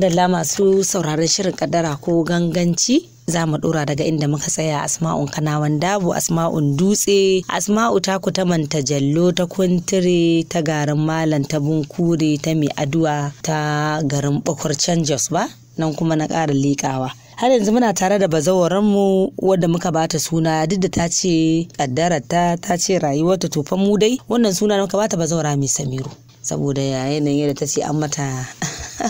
da lama su sauraron shirin kaddara ko ganganci za mu dora daga inda muka tsaya asma'un kanawan Dabu asma'un dutse asma'u ta ku ta manta jallo ta kuntire ta garin malam ta bunkure ta mai aduwa ta garin bakwarcen jos ba nan kuma na ƙara liƙawa har yanzu muna tare da mu wadda muka bata suna duk da ta ce kaddarata ta ce rayuwarta tofan mu dai wannan suna muka bata bazawara mai samiru saboda yayin yadda ta ce an mata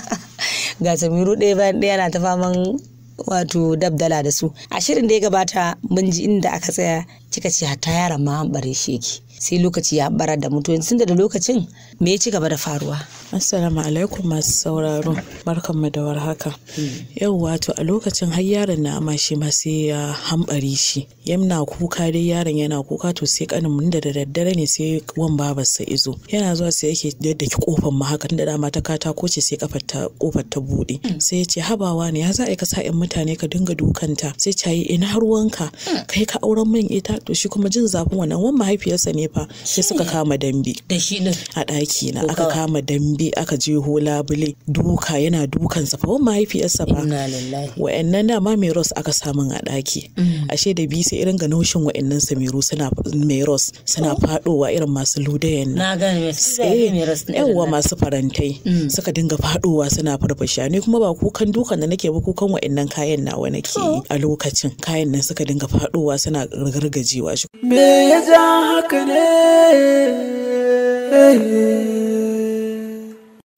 ga samiru ɗaya bayan ɗaya na ta faman wato dabdala da su a shirin da ya gabata mun ji inda aka tsaya kika ce hatta yaran ma an bare shi yake sai lokaci ya bara da mutu yanzu da lokacin me ya ci gaba da faruwa assalamu alaikum masu sauraro mu da warhaka hmm. yau wato a lokacin har yaron na ama shi ma sai ya hambari shi yamna kuka dai yaron yana kuka to sai kanin mun da daddare ne sai wan sa izo yana zuwa sai yake yadda ki kofar mu haka da dama ta katako ce sai kafar ta kofar ta bude hmm. sai ya ce habawa ne ya za a ka sa in mutane ka dinga dukanta sai cayi ina ruwanka hmm. kai ka auren min ita to shi kuma jin zafin wannan wan mahaifiyarsa ne fa sai suka kama dambe a ɗaki na aka kama dambe aka je labule duka yana dukan sa fa mahaifiyarsa fa wa'annan dama mai ros aka samun a ɗaki mm. ashe da bi sai irin ga naushin wa'annan samiru suna mai ros suna oh. fadowa irin masu ludayen na eh, yawa masu farantai mm. suka dinga fadowa suna farfasha ne kuma ba kukan dukan da nake ba kukan wa'annan kayan nawa nake a lokacin kayan nan suka dinga fadowa suna gargajewa shi me ya ja haka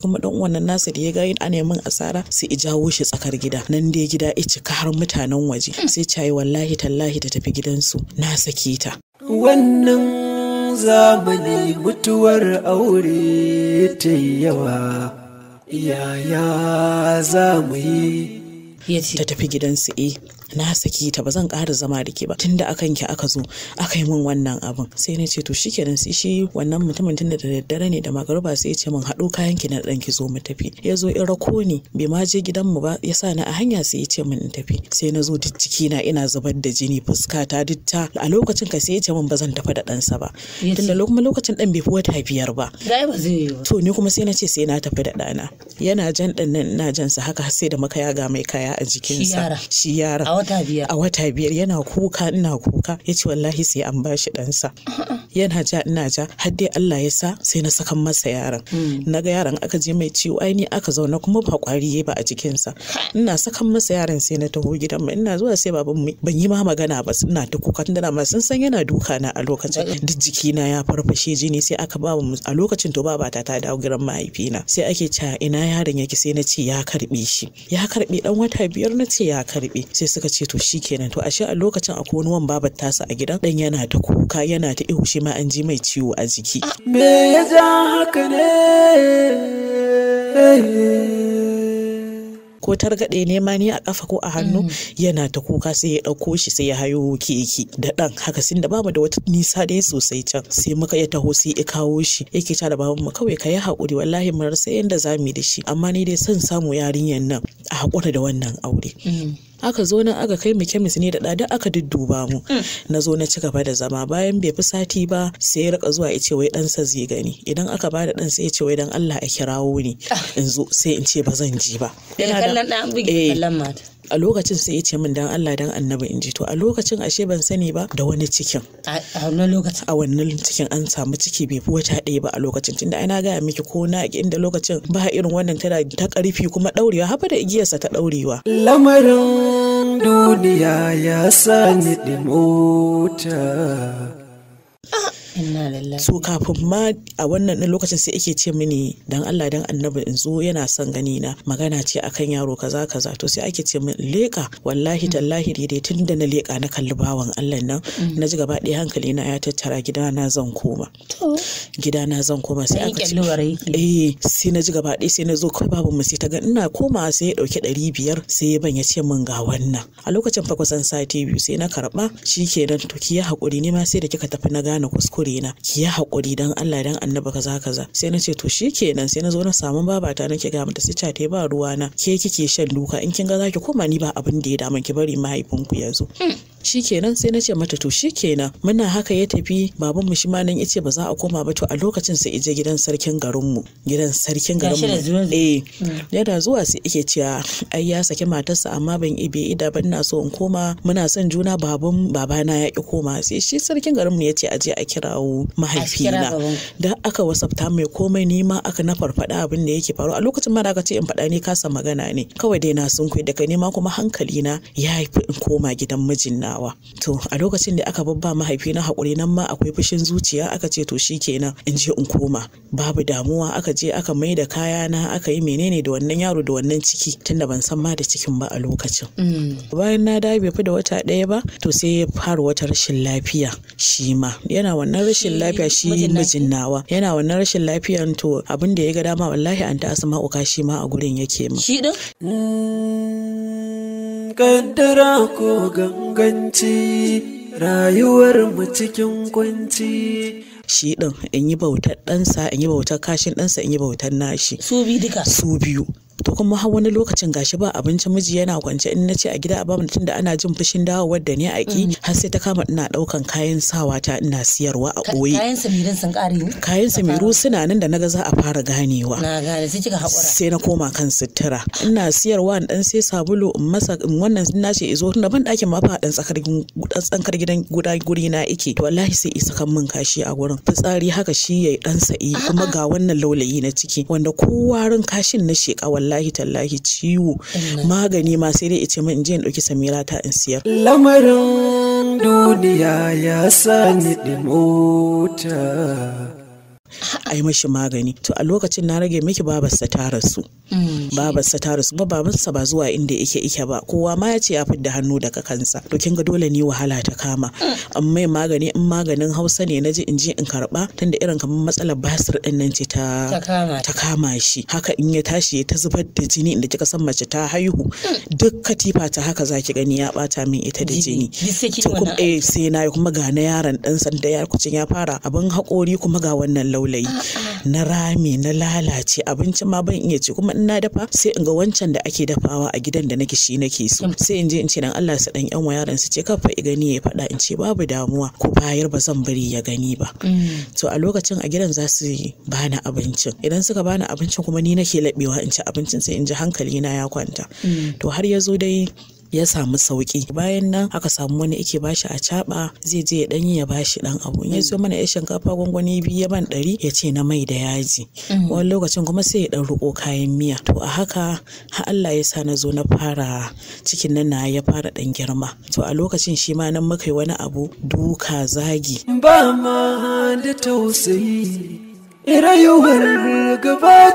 kuma ɗan wannan nasa da ya ga ana min asara sai i jawo shi tsakar gida nan dai gida i cika har mutanen waje sai cayi wallahi tallahi ta tafi gidansu na saki ta wannan zamani mutuwar aure ta yawa yaya za mu yi ta tafi gidansu eh na saki ta ba zan ƙara zama da ke ba tunda akan ki aka zo aka yi min wannan abin sai na ce to shikenan sai shi wannan mutumin tun da daddare ne da magaruba sai ya ce min haɗo kayan ki na ɗan ki zo mu tafi ya zo in rako ni bai ma je gidan mu ba ya sa ni a hanya sai ya ce min in tafi sai na zo duk na ina zubar da jini fuskata duk ta a lokacin ka sai ya ce min ba zan tafi da ɗansa ba tunda kuma lokacin ɗan bai fi wata biyar ba to ni kuma sai na ce sai na tafi da ɗana yana jan ɗan nan ina jansa haka sai da makaya ga mai kaya a jikinsa shi yara wata biyar a wata biyar yana kuka ina kuka yace wallahi sai an bashi ɗansa yana ja ina ja har dai Allah ya sa sai na sakan masa yaran hmm. na ga yaran aka je mai ciwo ai ni aka zauna kuma ba kwari ba a jikinsa ina sakan masa yaran sai na taho gidan mu ina zuwa sai baban ban yi ma magana ba ina ta kuka tunda ma sun san yana duka na a lokacin duk jikina ya farfashe jini sai aka ba mu a lokacin to baba ta ta dawo gidan mahaifina sai ake cewa ina yaron yake sai na ce ya karbe shi ya karbe dan wata biyar na ce ya karbe sai suka suka ce to shi kenan to ashe a lokacin akwai wani wan babar tasa a gidan dan yana ta kuka yana ta ihu shi ma an ji mai ciwo a jiki ah. me ya ja haka ne ko targaɗe ne ma ni a ƙafa ko a hannu mm. yana ta kuka sai ya ɗauko shi sai ya hayo keke da ɗan haka sin da bamu da wata nisa dai sosai can sai muka ya taho sai ya kawo shi yake ta da babanmu kawai ka yi haƙuri wallahi mu rasa yanda za mu yi da shi amma ni dai son samu yarinyar nan a haƙura da wannan aure. Mm. aka zo nan aka kai mu kemis ne da dadi aka dudduba mu mm. na zo na ci gaba da zama bayan bai fi sati ba sai ya rika zuwa ya ce wai ɗansa zai gani idan aka bada dan sai ya wai dan Allah a kirawo ni ah. in zo sai in ce ba zan ji ba Ina kallon ɗan bugi eh. kallan mata a lokacin sai ya ce min dan Allah dan annabi in ji to a lokacin ashe ban sani ba da wani cikin a wannan lokacin a wannan cikin an samu ciki bai fi wata ɗaya ba a lokacin tunda ai na gaya miki ko na inda lokacin ba irin wannan tana ta karfi kuma daurewa haba da igiyarsa ta daurewa lamarin duniya ya sani mota. so kafin ma a wannan lokacin sai ake ce mini dan Allah dan annabi in zo yana son gani na magana ce akan yaro kaza kaza to sai ake ce min leka wallahi tallahi daidai tun da na leka na kalli bawan Allah nan mm. na ji gaba ɗaya hankali na ya tattara gida na zan koma gida na zan koma sai aka ce eh sai na ji gaba ɗaya sai na zo kai babu mu sai ta ga ina koma sai ya dauki ɗari biyar sai ya ban ya ce min ga wannan a lokacin fa kusan sati biyu sai na karɓa shikenan to ki ya hakuri ne ma sai da kika tafi na gane kuskure daure na ki yi haƙuri dan Allah dan annaba kaza kaza sai na ce to kenan sai na zo na samu babata nake ga mata sica ta ba ruwa na ke kike shan duka in kin ga zaki koma ni ba abin da ya dama ki bari mahaifinku ya zo hmm. kenan sai na ce mata to kenan muna haka ya tafi babanmu shi ma nan yace ba za a koma ba to a lokacin sai ije gidan sarkin garinmu gidan sarkin garinmu eh hmm. yana zuwa sai yake cewa ai ya saki matarsa amma ban ibe ida ban na so in koma muna son juna baban babana ya ki koma sai shi sarkin garinmu yace aje a kira kirawo mahaifina da aka wasafta mai komai ni ma aka na farfada abin da yake faru a lokacin ma da aka ce in faɗa ni kasa magana ne kawai dai na sun kai daga nema kuma hankali na ya haifi in koma gidan mijin nawa to a lokacin da aka babba mahaifina haƙuri nan ma akwai fushin zuciya aka ce to shikenan in je in koma babu damuwa aka je aka mai da kaya na aka yi menene da wannan yaro da wannan ciki tunda ban san ma da cikin ba a lokacin mm. bayan na dawo bai fi da wata ɗaya ba to sai ya fara wata rashin lafiya shi ma yana wannan rashin lafiya shi mijin nawa yana wannan rashin lafiyan to abin da ya ga dama wallahi an ta asma'u kashi ma a gurin yake ma shi din mm, kaddara ko ganganci rayuwar mu cikin kunci shi din in yi bautar ɗansa in yi bautar kashin ɗansa in yi bautar nashi su biyu duka su biyu to kuma har wani lokacin gashi ba abinci miji yana kwance in nace a gida a bamu tunda ana jin fushin dawowar da ni a ki mm. har sai ta kama ina daukan kayan sawa ta ina siyarwa a boye kayan samirin sun kare ni kayan samiru suna nan da naga za a fara ganewa na gane sai kika hakura sai na koma kan sutura ina siyarwa in dan sai sabulu in masa in wannan nace izo tunda ban dakin ma fa dan tsakar tsankar gidan guda guri na ike to wallahi sai isa kan min kashi a gurin fitsari haka shi yayi dan sa'i kuma ga wannan laulayi na ciki wanda kowa ran kashin na sheka wallahi wallahi tallahi ciwo magani ma sai dai ice min in je in ɗauki samira ta in siyar. Lamarin duniya ya sani mota. a yi mashi magani to a lokacin na rage miki babarsa ta rasu mm, babarsa ta rasu kuma babansa ba zuwa inda yake ike ba kowa ma ya ce ya fidda hannu daga kansa to kin ga dole ni wahala ta kama mm. amma mai magani in maganin Hausa ne naji in je in karba tunda irin kamar matsalar basir din nan ce ta ta kama shi haka in ya tashi ya ta zubar da jini inda kika san mace ta haihu mm. duk katifa ta haka zaki gani ya bata min ita da jini eh, sai na kuma ga na yaran dan sanda ya kucin ya fara abin hakori kuma ga wannan laulayi na rami na lalace abinci ma ban iya ci kuma in na dafa sai in ga wancan da ake dafawa a gidan da nake shi nake so sai in je in ce dan Allah su dan yan wa yaron su ce ka i gani ya faɗa in ce babu damuwa ko bayar ba zan bari ya gani ba mm. to a lokacin a gidan za su bani abincin idan suka bani abincin kuma ni nake labewa in ci abincin sai in ji hankali na ya kwanta mm. to har yazo dai ya samu sauki bayan nan aka samu wani ike bashi a caba zai je ya danyi ya bashi dan abu ya zo mana ya shinkafa gwangwani biyu ya ban ɗari ya ce na mai da yaji mm. wani lokacin kuma sai ya ɗan riko kayan miya to a haka har Allah ya sa na zo na fara cikin nan na ya fara dan girma to a lokacin shi ma nan muka yi wani abu duka zagi ba ma da tausayi rayuwar gaba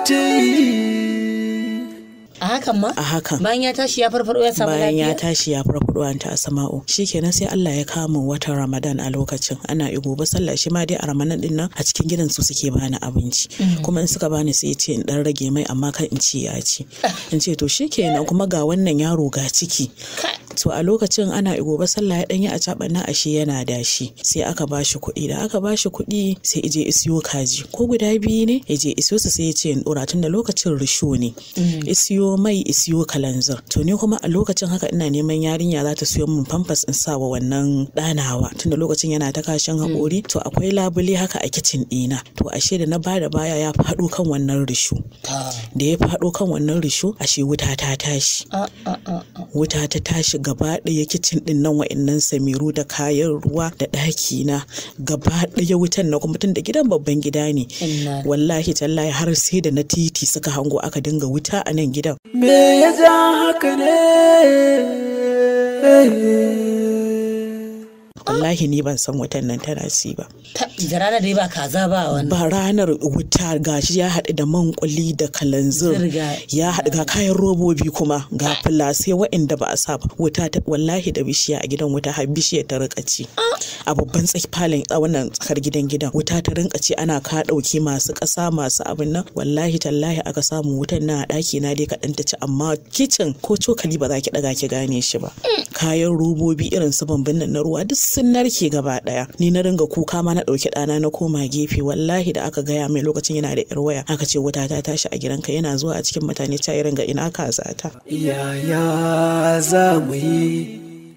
a hakan ma a hakan bayan ya tashi ya farfado ya samu lafiya? bayan ya tashi ya farfado an ta asma'u shikenan sai Allah ya kama watan Ramadan a lokacin ana igo ba sallah shi ma dai a Ramadan din nan a cikin gidan su suke bani abinci mm. kuma in suka bani sai ya ce in dan rage mai amma kan in ce ya ci ah. in ce to shikenan kuma ga wannan yaro ga ciki To a lokacin ana gobe sallah ya danyi a caba na ashe yana da shi. sai aka bashi kuɗi da aka bashi kuɗi sai ije isiyo kaji ko guda biyu ne ije isiyo su sai ya ce in tun tunda lokacin risho ne isiyo mm. mai isiyo kalanzir to ni kuma a lokacin haka ina neman yarinya za ta siyo min pampers in sa wa wannan ɗanawa tunda lokacin yana ta kashin mm. haƙori to akwai labule haka a kicin ɗina to ashe da na ba da baya ya faɗo kan wannan risho da ya faɗo kan wannan risho ashe wuta ta tashi ah, ah, ah, wuta ta tashi gaba ɗaya kicin ɗin nan wa'annan samiru da kayan ruwa da ɗaki na gaba ɗaya wutan na kuma tun da gidan babban gida ne wallahi tallahi har sai da na titi suka hango aka dinga wuta a nan gidan me ya haka ne wallahi ni ban san wutan nan tana si ba da rana dai ba kaza ba wani. ba ranar wuta gashi ya haɗu da man kuli da kalanzir ya haɗu ga kayan robobi kuma ga ah. fulasai waɗanda wa'inda ba a sa ba wuta ta wallahi da bishiya a gidan wuta har bishiya ta rika ci ah. a babban falon a wannan tsakar gidan gidan wuta ta rinka ci ana ka ɗauki masu ƙasa masu abin nan wallahi tallahi aka samu wutan na ɗaki na dai kaɗan ta ci amma kicin ko cokali ba za ki ɗaga ki gane shi ba mm. kayan robobi irin su bambin nan na ruwa duk sun narke gaba daya ni na ringa kuka ma na dauki dana na koma gefe wallahi da aka gaya mai lokacin yana da yar waya aka ce wuta ta tashi a gidan ka. yana zuwa a cikin mutane ta yi ringa ina ka zata yaya za mu yi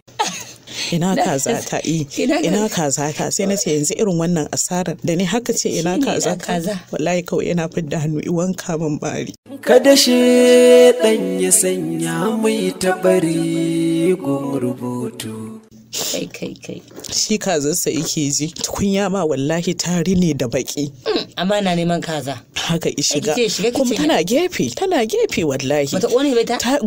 ina kaza ta yi ina ta sai na ce yanzu irin wannan asarar da ni haka ce ina kaza ka wallahi kawai yana fidda hannu wanka min bari kada shi dan ya sanya mai tabari gun rubutu kai kai kai shi kazarsa yake ji tukunya ma wallahi tari ne da baki mm, amma na neman kaza haka shiga kuma tana gefe tana gefe wallahi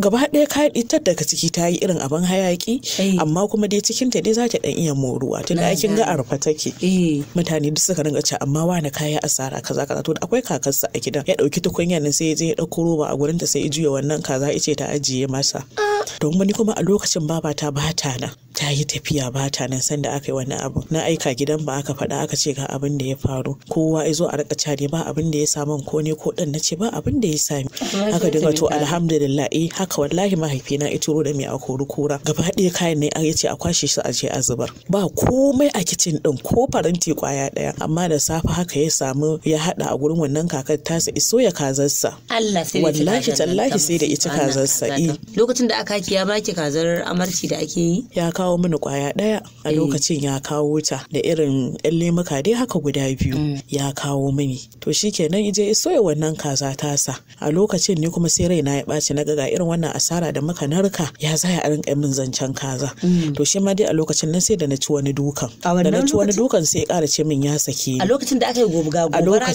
gaba ɗaya ka ita daga ciki ta yi irin abin hayaki amma kuma dai cikin ta dai za ta dan iya moruwa tunda kin ga arfa take eh. mutane duk suka ringa ce amma wani kaya asara kaza kaza to akwai kakarsa a gidan ya dauki tukunya nan sai ya je ya dauko roba a gurin ta sai ya juya wannan kaza ice ta ajiye masa ah. don wani kuma a lokacin baba ta bata na ta yi tafiya ba ta nan sanda aka yi wani abu na aika gidan ba aka faɗa aka ce ga abin da ya faru kowa ya zo a rika cari ba abin da ya samu ko ne ko ɗan na ce ba abin da ya sami aka dinga to alhamdulillah eh haka wallahi mahaifina ya turo da mai a koru kura gaba ɗaya kayan ne a yace a kwashe su a je a zubar ba komai a kicin ɗin ko faranti kwaya ɗaya amma da safe haka ya samu ya haɗa a gurin wannan kakar tasa iso ya kazarsa Allah sai wallahi tallahi sai da ita kazarsa eh. lokacin da aka kiya baki kazar amarci da ake yi ya kawo kawo mini kwaya daya a eh. lokacin ya kawo ta da irin yan lemuka dai haka guda biyu mm. ya kawo mini to shikenan ije soya wannan kaza tasa a lokacin ni kuma sai raina ya baci na ga irin wannan asara da muka narka ya zaya a rinka min zancen kaza mm. to shi ma dai a lokacin nan sai da na ci wani dukan da na ci wani dukan sai ya ƙara ce min ya sake ni a lokacin da aka yi gobe gobara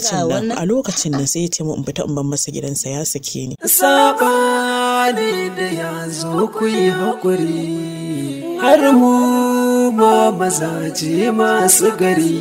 ga wannan a lokacin nan sai ya ce min in fita in bar masa gidansa ya sake ni ne da ya zo ku yi hakuri har mu ma mazaje masu gari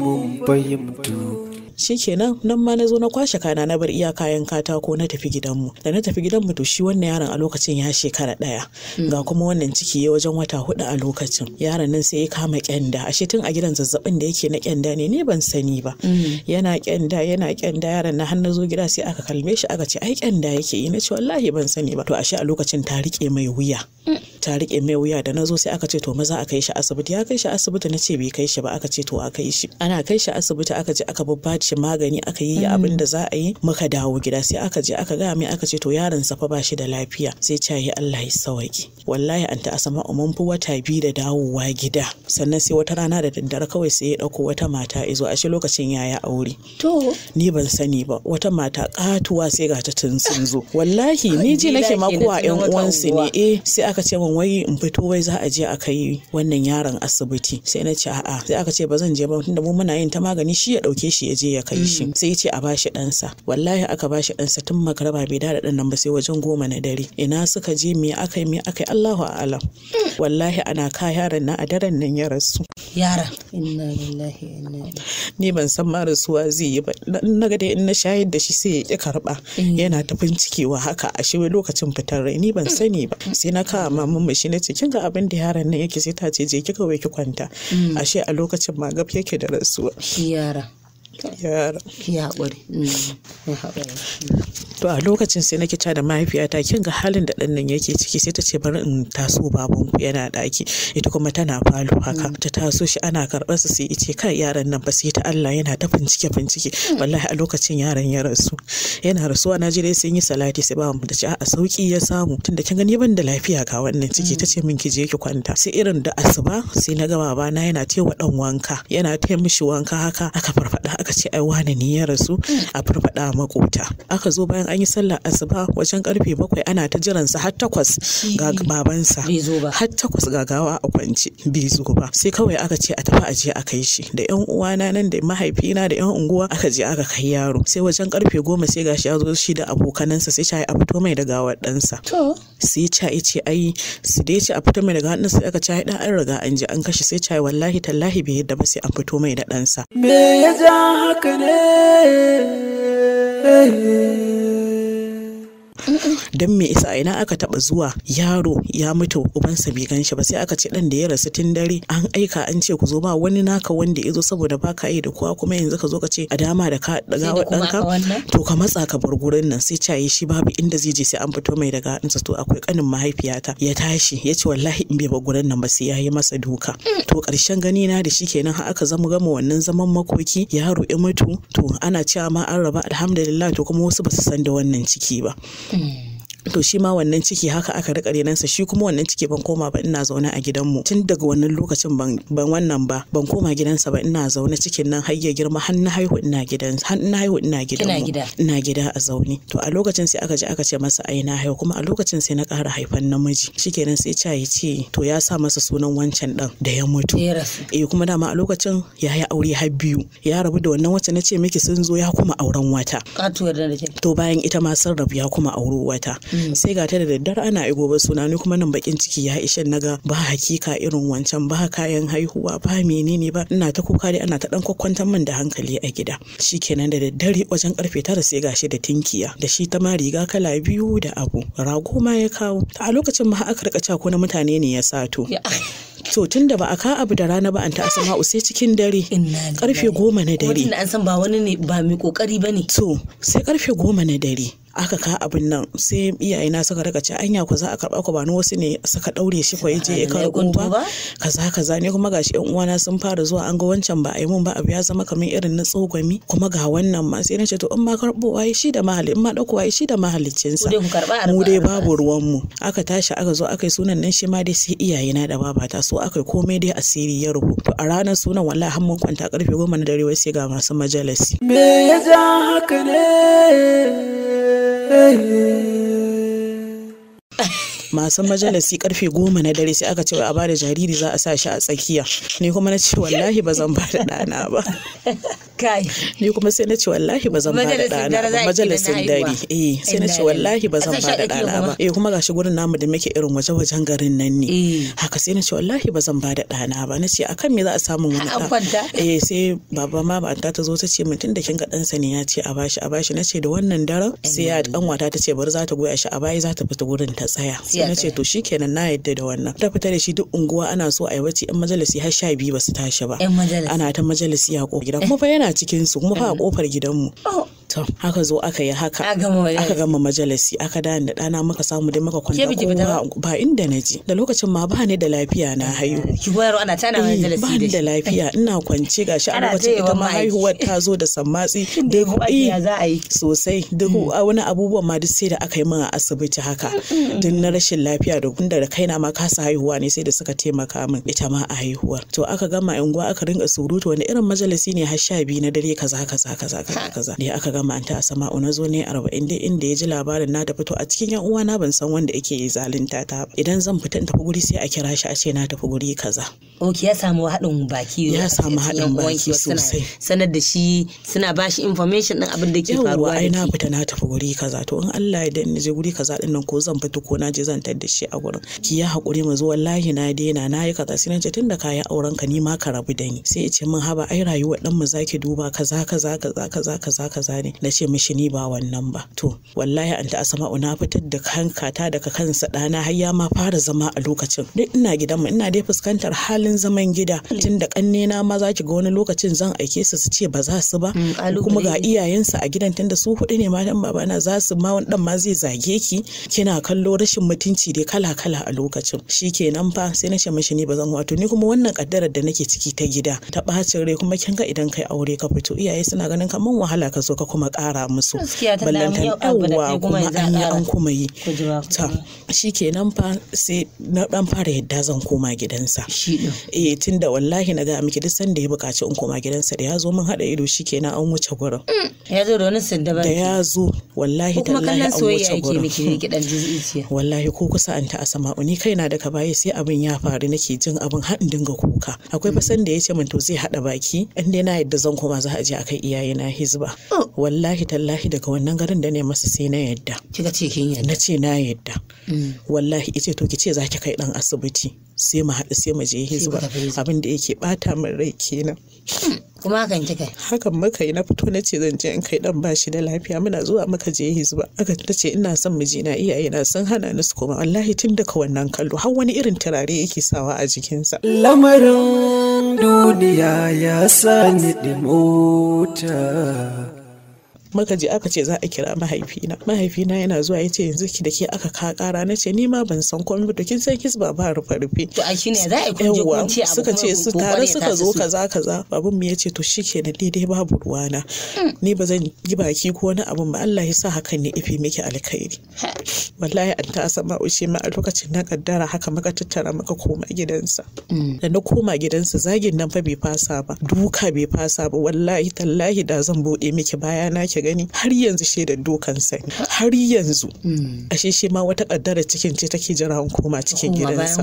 mun fahimtu shikenan nan ma na zo na kwashe kana na bar iya kayan katako na tafi gidanmu da na tafi gidanmu to shi wannan yaron a lokacin ya shekara ɗaya hmm. ga kuma wannan ciki ya wajen wata hudu a lokacin yaron nan sai ya kama kyanda ashe tun a gidan zazzabin da yake na kyanda ne ne ban sani ba hmm. yana kyanda yana kyanda yaron na har na zo gida sai aka kalme shi aka ce ai kyanda yake yi na ce wallahi ban sani ba to ashe a lokacin ta rike mai wuya hmm. ta rike mai wuya da na zo sai aka ce to maza a kai shi asibiti ya kai shi asibiti na ce bai kai shi ba aka ce to a kai shi ana kai shi asibiti aka je aka babbaci shi magani aka yi mm. abin da za a yi muka dawo gida sai aka je aka gaya mai aka ce to yaron sa fa ba shi da lafiya sai ce yi Allah ya sawaki wallahi an ta asama mun fi wata biyu da dawowa gida sannan sai wata rana da daddare kawai sai ya dauko wata mata izo a shi lokacin yaya aure to ni ban sani ba wata mata katuwa sai ga ta tun sun zo wallahi ni ji nake ma kuwa yan uwansu ne eh sai aka ce min wai in fito wai za a je a kai wannan yaron asibiti sai na ce a'a sai aka ce ba zan je ba tunda mu muna yin ta magani shi ya dauke shi ya je ya kai shi mm. sai ce a bashi ɗansa wallahi aka bashi ɗansa tun magaraba bai da ɗan nan ba sai wajen goma na dare ina suka je me aka yi me aka yi Allahu a'alam mm. wallahi ana ka yaran na a daren nan ya rasu yara inna lillahi inna ni ban san ma rasuwa zai yi ba na ga dai in na shayar da shi sai ya ki karba mm. yana ta bincikewa haka a shi lokacin fitar rai ni ban sani ba sai na kawo mamun mu shi na ce kin ga abin da yaron nan yake sai ta ce je ki kawai ki kwanta shi a lokacin ma gab yake da rasuwa yara ki mm. to a lokacin sai nake ca da mahaifiyata kin ga halin da ɗan nan yake ciki sai ta ce bari in taso baban ku yana daki ita kuma tana falo haka mm. ta taso shi ana karɓar su sai ice kai yaran nan ba sai ta Allah yana ta bincike bincike mm. wallahi a lokacin yaran ya rasu yana rasuwa na ji dai sun yi salati sai ba mu ta ce a sauki ya samu tunda kin gani ban da lafiya ga wannan ciki ta ce min ki je ki kwanta sai irin da asuba sai na ga babana yana wa dan wanka yana taya mishi wanka haka aka farfada aka ce ai wani ne ya rasu a farfada makota aka zo bayan an yi sallar asuba wajen karfe bakwai ana ta jiran sa har takwas ga babansa har takwas ga gawa a kwance bai zo ba sai kawai aka ce a tafi aje a kai shi da yan uwana nan da mahaifina da yan unguwa aka je aka kai yaro sai wajen karfe goma sai gashi ya zo shi da abokanansa sai shayi a fito mai da gawar ɗansa sai ca'i ce ai su dai ce a fito mai da gawar ɗansa aka ca'i ɗan an riga an ji an kashe sai ca'i wallahi tallahi bai yadda ba sai an fito mai da ɗansa. me ya haka ne Don me isa ina aka taba zuwa yaro ya mutu ubansa bai ganshi ba sai aka ce dan da ya rasu tun dare an aika an ce ku zo ba wani naka wanda ya zo saboda baka yi da kowa kuma yanzu ka zo ka ce a dama da ka daga ɗanka to ka matsa ka bar gurin nan sai yi shi babu inda zai je sai an fito mai daga insa to akwai kanin mahaifiyata ya tashi ya ce wallahi in bai bar gurin nan ba sai ya yi masa duka to karshen gani na da shi kenan har aka zama gama wannan zaman makoki yaro ya mutu to ana cewa ma an raba alhamdulillah to kuma wasu ba su san da wannan ciki ba Hmm. to shi ma wannan ciki haka aka rika renansa shi kuma wannan ciki ban koma ba ina zaune a gidanmu tun daga wannan lokacin ban wannan ba ban koma gidansa ba ina zaune cikin nan har ya girma har na haihu ina gidan har na haihu ina gidan ina gida a zaune to a lokacin sai aka je aka ce masa ai na haihu kuma a lokacin sai na ƙara haifan namiji shikenan sai cha ya ce to ya sa masa sunan wancan dan da ya mutu eh kuma dama a lokacin ya yi aure har biyu ya rabu da wannan wacce na ce miki sun zo ya kuma auren wata to bayan ita ma sun rabu ya kuma auro wata Hmm, sai ga ta da daddare ana yi ba suna ni kuma nan bakin ciki ya ishe ga ba hakika irin wancan ba kayan haihuwa ba menene ba ina ta kuka dai ana ta dan kwakwantar min da hankali a gida shikenan da daddare wajen karfe tara sai gashi da tinkiya da shi ta ma riga kala biyu da abu rago ma ya kawo a lokacin ma aka rika ko na mutane ne ya sato to tun da ba a ka abu da rana ba an ta asama sai cikin dare karfe goma na dare kuma an san ba wani ne ba mai kokari ba ne to sai karfe goma na dare aka ka abin nan sai iyaye na suka raka ce anya ku za a karba ku ba ni wasu ne suka daure shi ko yaje ya ku ba kaza kaza ne kuma gashi yan uwana sun fara zuwa an ga wancan ba a yi mun ba abu ya zama kamar irin na tsogami kuma ga wannan ma sai na ce to in ma karbo wai shi da mahalli in ma dauko wai shi da mahallicin sa mu dai babu ruwan mu aka tashi aka zo aka yi sunan nan shi ma dai sai iyaye na da babata so aka komai dai asiri ya rubutu a ranar sunan wallahi har mun kwanta karfe goma na dare wai sai ga masu majalisi me ya ja haka ne eh. masu majalisi karfe goma na dare sai aka ce a bada jariri za a sa shi a tsakiya ni kuma na ce wallahi ba zan bada dana ba kai ni kuma sai na ce wallahi ba zan bada dana ba majalisin dare eh sai na ce wallahi ba zan bada dana ba eh kuma gashi gurin namu da muke irin waje-wajen garin nan ne eh. haka sai na ce wallahi ba zan bada dana ba na ce akan me za a samu wani da eh sai baba ma ba ta zo ta ce min, tunda da kin ga ɗansa ne ya ce a bashi a bashi na ce da wannan daren sai ya dan wata ta ce bari za ta goya shi a bayi za ta fita gurin ta tsaya sai na ce to shi kenan na yadda da wannan ta fita da shi duk unguwa ana so a yi yan majalisi har sha biyu ba su tashi ba ana ta majalisi a kofar gidan kuma fa yana cikin su kuma fa a kofar eh. gidanmu oh. to haka zo aka yi haka aka gama majalisi aka da da ɗana muka samu dai muka kwanta ko ba inda na ji da lokacin ma ba ni da lafiya na haihu. Ah, ki bayar ana tana eh, majalisi ba ni da lafiya ina kwance gashi a lokacin ita ma haihuwar ta zo da sammatsi da eh, ya za a yi sosai duk hmm. wani abubuwan ma duk sai da aka yi min a asibiti haka hmm, hmm, din na rashin lafiya da gunda da kaina ma kasa haihuwa ne sai da suka taimaka min ita ma a haihuwar to aka gama unguwa aka ringa surutu wani irin majalisi ne har sha biyu na dare kaza kaza kaza kaza ne aka gama a sama na zo ne arba'in dai inda ya ji labarin na da fito a cikin yan uwana ban san wanda yake zalunta ta ba idan zan fita tafi guri sai a kira shi a ce na tafi guri kaza ok ya samu haɗin baki ya samu haɗin baki sosai sanar da shi suna ba shi information din abin da ke faruwa ai na fita na tafi guri kaza to in Allah ya dani je guri kaza din nan ko zan fito ko na je zan tar da shi a gurin ki ya hakuri mu zo wallahi na daina na yi kaza sai na ce tunda kayan auren ka ni ma ka rabu da ni sai ya ce min haba ai rayuwar dan mu zaki duba kaza kaza kaza kaza kaza ne na ce mishi ni ba wannan ba to wallahi anta asma'u na fitar da hankata daga kansa dana. har ya ma fara zama a lokacin duk ina gidan mu ina dai fuskantar halin zaman gida tun da na ma za ki ga wani lokacin zan aike su su ce ba za su ba mm, kuma ga iyayensa a gidan tunda su hudu ne matan babana za su ma wani dan ma zai zage ki kina kallo rashin mutunci dai kala kala a lokacin shikenan fa sai na ce mishi ni ba zan wato ni kuma wannan kaddarar da nake ciki ta gida ta bacin rai kuma kin ga idan kai aure ka fito iyaye suna ganin kaman wahala ka zo ka kuma kuma kara musu ballantan yawwa kuma an yi an kuma yi ta shi nan fa sai na dan fara yadda zan koma gidansa eh tunda wallahi na ga miki duk sanda ya buƙaci in koma gidansa da ya zo mun haɗa ido shi kenan an wuce gurin mm, ya zo da wani sindaba da ya zo wallahi Allah an wuce gurin wallahi ko kusa an ta asama na kaina ka baye sai abin ya faru nake jin abin haɗin dinga kuka akwai fasan da ya ce min to zai haɗa baki in dai na yadda zan koma za a je a iyayena hizba oh. wallahi tallahi daga wannan garin da ne masa sai na yadda kika ce kin yadda ce na yadda mm. wallahi ita to kice ki kai dan asibiti sai mu haɗu sai mu je hizba abin da yake bata min rai kenan hmm, kuma hakan kika hakan muka yi na fito na ce zan je in kai dan ba shi da lafiya muna zuwa maka je hizba aka ta ce ina son mu na iyaye na sun hana ni su koma wallahi tun daga wannan kallo har wani irin turare yake sawa a jikinsa lamarin duniya ya sani mota makaji aka ce za a kira mahaifina mahaifina yana zuwa ya ce yanzu ki da ke aka ka kara na ce ni ma ban san komai ba kin sai kis ba ba rufe rufe to a shine za a kunje kunci abu suka ce su tare suka zo kaza kaza babun mu yace to shikenan ni dai babu ruwana mm. ni ba zan yi baki ko wani abun ba Allah ya sa hakan ne ife miki alkhairi wallahi an ta sama ushe ma a lokacin na kaddara haka maka tattara maka koma gidansa mm. da na koma gidansa zagin nan fa bai fasa ba duka bai fasa ba wallahi tallahi da zan bude miki baya na ki gani har yanzu shaidar dokan sai har yanzu hmm. ashe shi ma wata kaddara cikin ce take jira koma cikin gidansa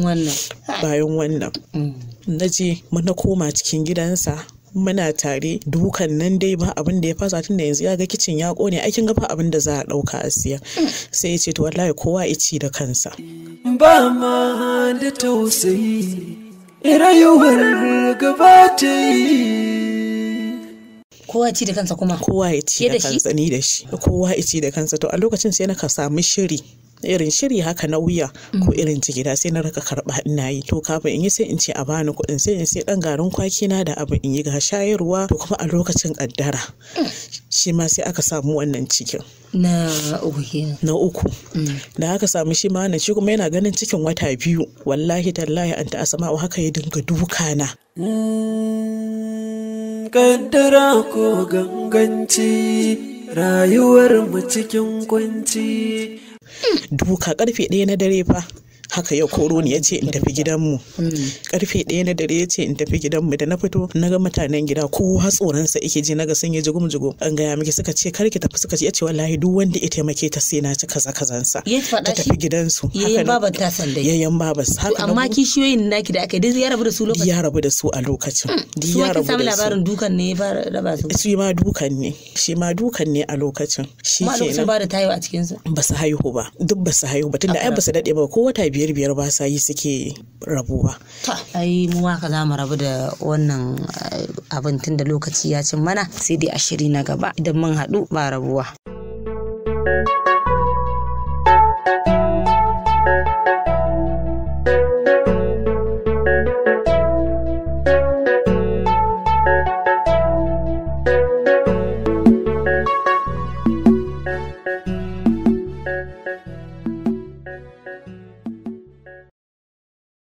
bayan wannan hmm. na je na koma cikin gidansa muna tare dukan nan dai ba abin da ya fasa tun da yanzu ya ga kicin ya kone aikin gaba abin da za a dauka a siya hmm. sai ya ce to wallahi kowa ya ci da kansa ba ma da tausayi rayuwar gaba ta yi kowa ce da kansa kuma kowa ya ce da kansa ni da shi kowa ya ce da kansa to a lokacin sai na ka samu shiri irin shiri haka na wuya ko mm. irin ci gida sai na raka karba ina yi to kafin in yi sai in ce a bani kuɗin sai in sai dan garin kwaki na da abu in yi ga shayarwa to kuma a lokacin kaddara mm. shi ma sai aka samu wannan cikin na uku na uku mm. da aka samu shi ma wannan shi kuma yana ganin cikin wata biyu wallahi tallahi an ta asama haka ya dinga duka na Kaddara ko ganganci rayuwar mu cikin kwanci. Duka karfe ɗaya na dare fa haka ya koro ni ya ce in tafi gidanmu mm. karfe ɗaya na dare ya ce in tafi gidanmu da na fito na ga mutanen gida kowa tsoronsa ike ji naga sun yi jigum jigum an gaya miki suka ce kar ki tafi suka ce ya ce wallahi duk wanda ya taimake ta sai na ci kaza kazansa ta tafi gidansu yayin baban ta sanda yayin baban sa amma kishiyoyin naki da aka dai ya rabu da su lokacin ya rabu da su a lokacin hmm. duk ya rabu da su labarin dukan ne ba raba su shi ma dukan ne shi ma dukan ne a lokacin shi kenan ba da tayo a cikin su ba su haihu ba duk ba su haihu ba tunda ai ba su dade ba ko wata biyar biyar biyar ba sa yi suke rabuwa. ai mu haka za mu rabu da wannan eh, abin tun da lokaci ya cin mana sai dai a na gaba idan mun haɗu ba rabuwa. thank you